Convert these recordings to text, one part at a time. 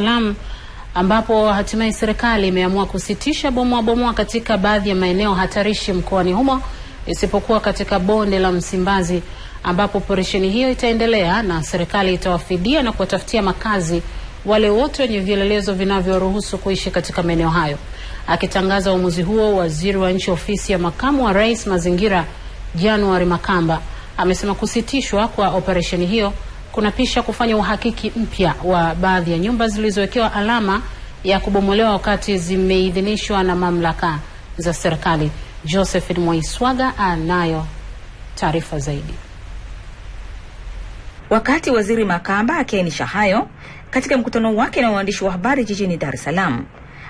Salaam ambapo hatimaye serikali imeamua kusitisha bomoa bomoa katika baadhi ya maeneo hatarishi mkoani humo isipokuwa katika bonde la Msimbazi ambapo operesheni hiyo itaendelea na serikali itawafidia na kuwatafutia makazi wale wote wenye vielelezo vinavyoruhusu kuishi katika maeneo hayo. Akitangaza uamuzi huo, waziri wa nchi ofisi ya makamu wa rais mazingira, januari Makamba amesema kusitishwa kwa operesheni hiyo kuna pisha kufanya uhakiki mpya wa baadhi ya nyumba zilizowekewa alama ya kubomolewa wakati zimeidhinishwa na mamlaka za serikali. Joseph Mwaiswaga anayo taarifa zaidi. Wakati Waziri Makamba akiainisha hayo katika mkutano wake na waandishi wa habari jijini Dar es Salaam,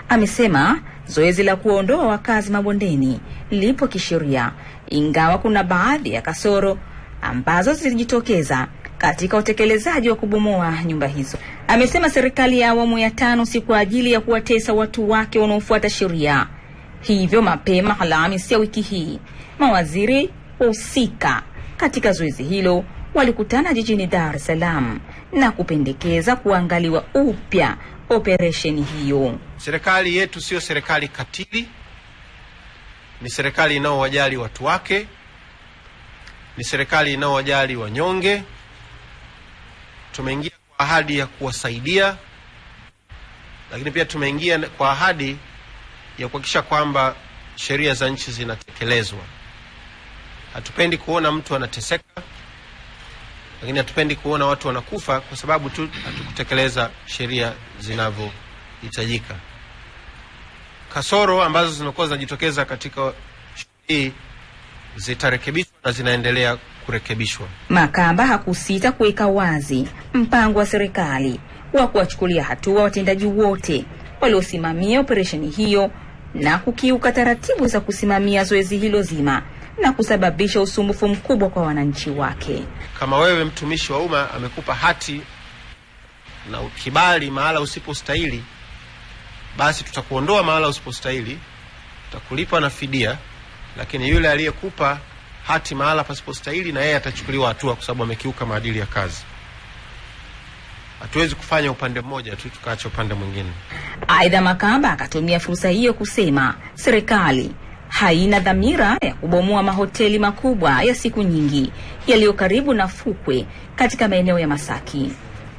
amesema zoezi la kuondoa wakazi mabondeni lipo kisheria, ingawa kuna baadhi ya kasoro ambazo zilijitokeza katika utekelezaji wa kubomoa nyumba hizo. Amesema serikali ya awamu ya tano si kwa ajili ya kuwatesa watu wake wanaofuata sheria. Hivyo mapema Alhamisi ya wiki hii mawaziri wahusika katika zoezi hilo walikutana jijini Dar es Salaam na kupendekeza kuangaliwa upya operesheni hiyo. Serikali yetu siyo serikali katili, ni serikali inayowajali watu wake, ni serikali inayowajali wanyonge. Tumeingia kwa ahadi ya kuwasaidia, lakini pia tumeingia kwa ahadi ya kuhakikisha kwamba sheria za nchi zinatekelezwa. Hatupendi kuona mtu anateseka, lakini hatupendi kuona watu wanakufa kwa sababu tu hatukutekeleza sheria zinavyohitajika. Kasoro ambazo zinakuwa zinajitokeza katika shughuli hii zitarekebishwa na zinaendelea kurekebishwa. Makamba hakusita kuweka wazi mpango wa serikali wa kuwachukulia hatua watendaji wote waliosimamia operesheni hiyo na kukiuka taratibu za kusimamia zoezi hilo zima na kusababisha usumbufu mkubwa kwa wananchi wake. Kama wewe mtumishi wa umma amekupa hati na kibali mahala usipostahili, basi tutakuondoa mahala usipostahili, tutakulipa na fidia lakini yule aliyekupa hati mahala pasipostahili, na yeye atachukuliwa hatua, kwa sababu amekiuka maadili ya kazi. Hatuwezi kufanya upande mmoja tu tukaacha upande mwingine. Aidha, Makamba akatumia fursa hiyo kusema serikali haina dhamira ya kubomoa mahoteli makubwa ya siku nyingi yaliyo karibu na fukwe katika maeneo ya Masaki.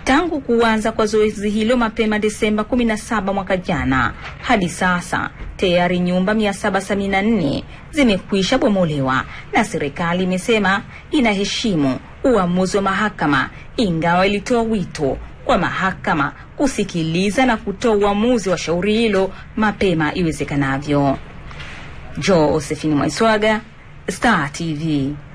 Tangu kuanza kwa zoezi hilo mapema Desemba 17 mwaka jana hadi sasa tayari nyumba 774 zimekwisha bomolewa na serikali imesema inaheshimu uamuzi wa mahakama, ingawa ilitoa wito kwa mahakama kusikiliza na kutoa uamuzi wa shauri hilo mapema iwezekanavyo. Josephine Mwaiswaga, Star TV.